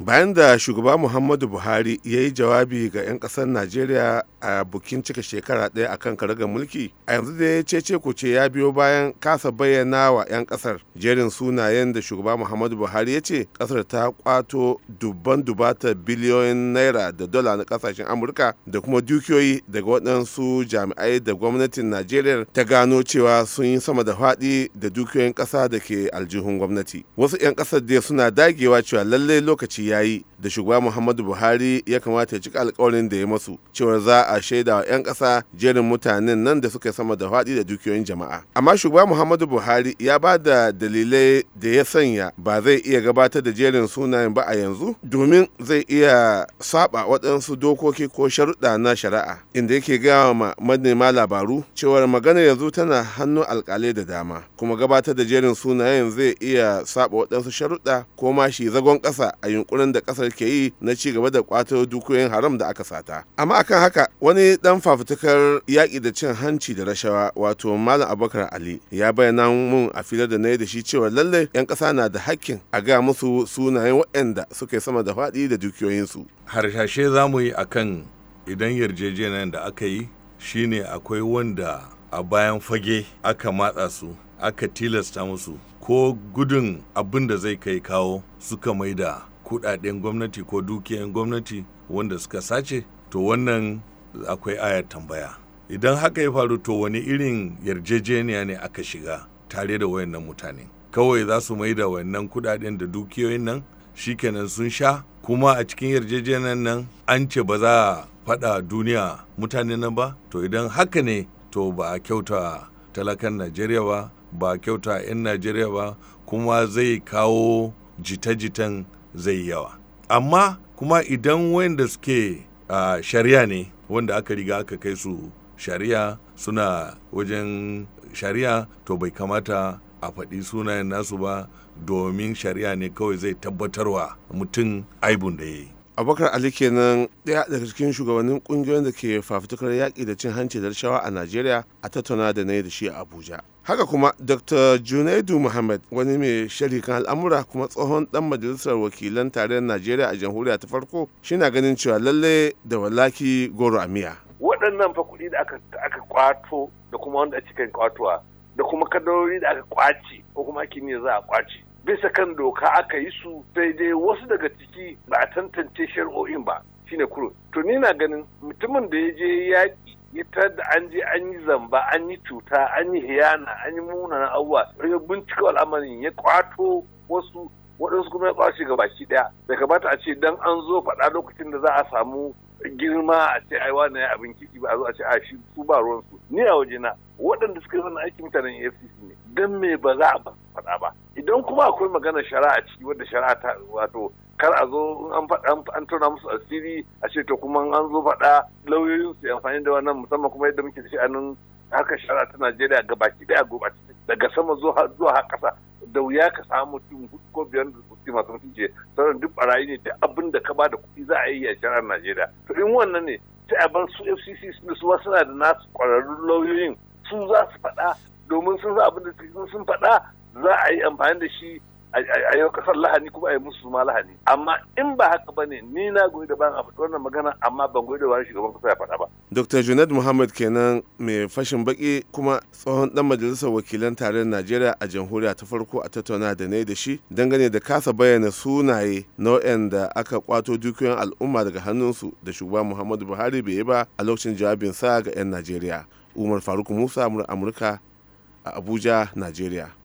bayan da shugaba muhammadu buhari ya yi jawabi ga 'yan kasar najeriya a bukin cika shekara ɗaya a kan karagar mulki a yanzu da ya cece kuce ya biyo bayan kasa bayyana wa 'yan kasar jerin sunayen da shugaba muhammadu buhari ya ce kasar ta kwato dubban dubata biliyoyin naira da dola na kasashen amurka da kuma dukiyoyi daga waɗansu jami'ai da gwamnatin najeriya ta gano cewa sun yi sama da faɗi da dukiyoyin ƙasa da ke aljihun gwamnati wasu 'yan ƙasar dai suna dagewa cewa lallai lokaci Y ahí da shugaba muhammadu buhari ya kamata ya cika alkawarin da ya masu cewa za a shaida wa 'yan ƙasa jerin mutanen nan da suka sama da faɗi da dukiyoyin jama'a amma shugaba muhammadu buhari ya ba da dalilai da ya sanya ba zai iya gabatar da jerin sunayen ba a yanzu domin zai iya saba waɗansu dokoki ko sharuɗa na shari'a inda yake gaya ma manema labaru cewar magana yanzu tana hannun alkalai da dama kuma gabatar da jerin sunayen zai iya saba waɗansu sharuɗa ko ma shi zagon ƙasa a yunkurin da ƙasar ke yi na ci gaba da kwato dukiyoyin haram da aka sata amma akan haka wani dan fafutukar yaƙi da cin hanci da rashawa wato malam abubakar ali ya bayyana mun a filar da na yi da shi cewa lalle yan ƙasa na da hakkin a ga musu sunayen waɗanda suka sama da faɗi da dukiyoyinsu harshashe za mu yi akan idan yarjejeniyar da aka yi shine akwai wanda a bayan fage aka matsa su aka tilasta musu ko gudun abin da zai kai kawo suka maida kudaden gwamnati ko dukiyan gwamnati wanda suka sace to wannan akwai ayar tambaya idan haka ya faru to wani irin yarjejeniya ne aka shiga tare da wayannan mutane kawai za su mai da wayannan kudaden da dukiyoyin nan shi kenan sun sha kuma a cikin yarjejeniyan nan an ce ba za a faɗa duniya mutane nan ba to idan haka ne to ba a kyauta talakan najeriya ba ba a kyauta 'yan najeriya ba kuma zai kawo jita-jitan zai yi yawa amma kuma idan wanda suke uh, shari'a ne wanda aka riga aka kai su shari'a suna wajen shari'a to bai kamata a faɗi sunayen nasu ba domin shari'a ne kawai zai tabbatarwa mutum aibun da ya yi abubakar ali kenan ɗaya daga cikin shugabannin ƙungiyoyin da ke fafutukar yaƙi da cin hanci da rashawa a najeriya a tattauna da na yi da shi a abuja haka kuma dr junaidu muhammad wani mai sharhi kan al'amura kuma tsohon dan majalisar wakilan tarayyar najeriya a jamhuriya ta farko shi na ganin cewa lallai da wallaki goro a miya waɗannan fa kuɗi da aka, aka kwato da kuma wanda cikin kwatuwa da kuma kadarori da aka kwace ko kuma kini za a kwace bisa kan doka aka yi su sai dai wasu daga ciki ba a tantance shari'o'in ba shine kuro to ni na ganin mutumin da ya je yaƙi ya da an je an yi zamba an yi cuta an yi hiyana an yi munana abubuwa ya bincika al'amarin ya kwato wasu waɗansu kuma ya kwashe ga baki ɗaya da bata a ce dan an zo faɗa lokacin da za a samu girma a ce ai wani ya abin kiki ba a zo a ce a shi su ba ruwansu ni a wajena waɗanda suka yi wannan aikin mutanen efcc ne dan me ba za a ba faɗa ba idan kuma akwai magana shari'a ciki wadda shari'a ta wato kar a zo an faɗa an tona musu asiri a ce to kuma an zo faɗa lauyoyin su amfani da wannan musamman kuma yadda muke da shi a nan haka shari'a ta Najeriya gabaki daya gobaki daga sama zuwa zuwa ƙasa da wuya ka samu mutum hudu ko biyar da kuɗi masu mutunci sauran duk barayi ne da abin da ka ba da kuɗi za a yi a shari'ar Najeriya to in wannan ne sai a bar su FCC su ma suna da nasu ƙwararrun lauyoyin su za su faɗa domin sun za abin da sun faɗa za a yi amfani da shi a yau kasar lahani kuma a yi musu ma lahani amma in ba haka ba ne ni na goyi da bayan a fito wannan magana amma ban goyi da wani shugaban kasa ya faɗa ba. dr junaid muhammad kenan mai fashin baki kuma tsohon dan majalisar wakilan tarayyar najeriya a jamhuriya ta farko a tattauna da na da shi dangane da kasa bayyana sunaye nau'in da aka kwato dukiyoyin al'umma daga hannunsu da shugaban muhammadu buhari bai yi ba a lokacin jawabinsa ga 'yan najeriya umar faruk musa amurka a abuja najeriya.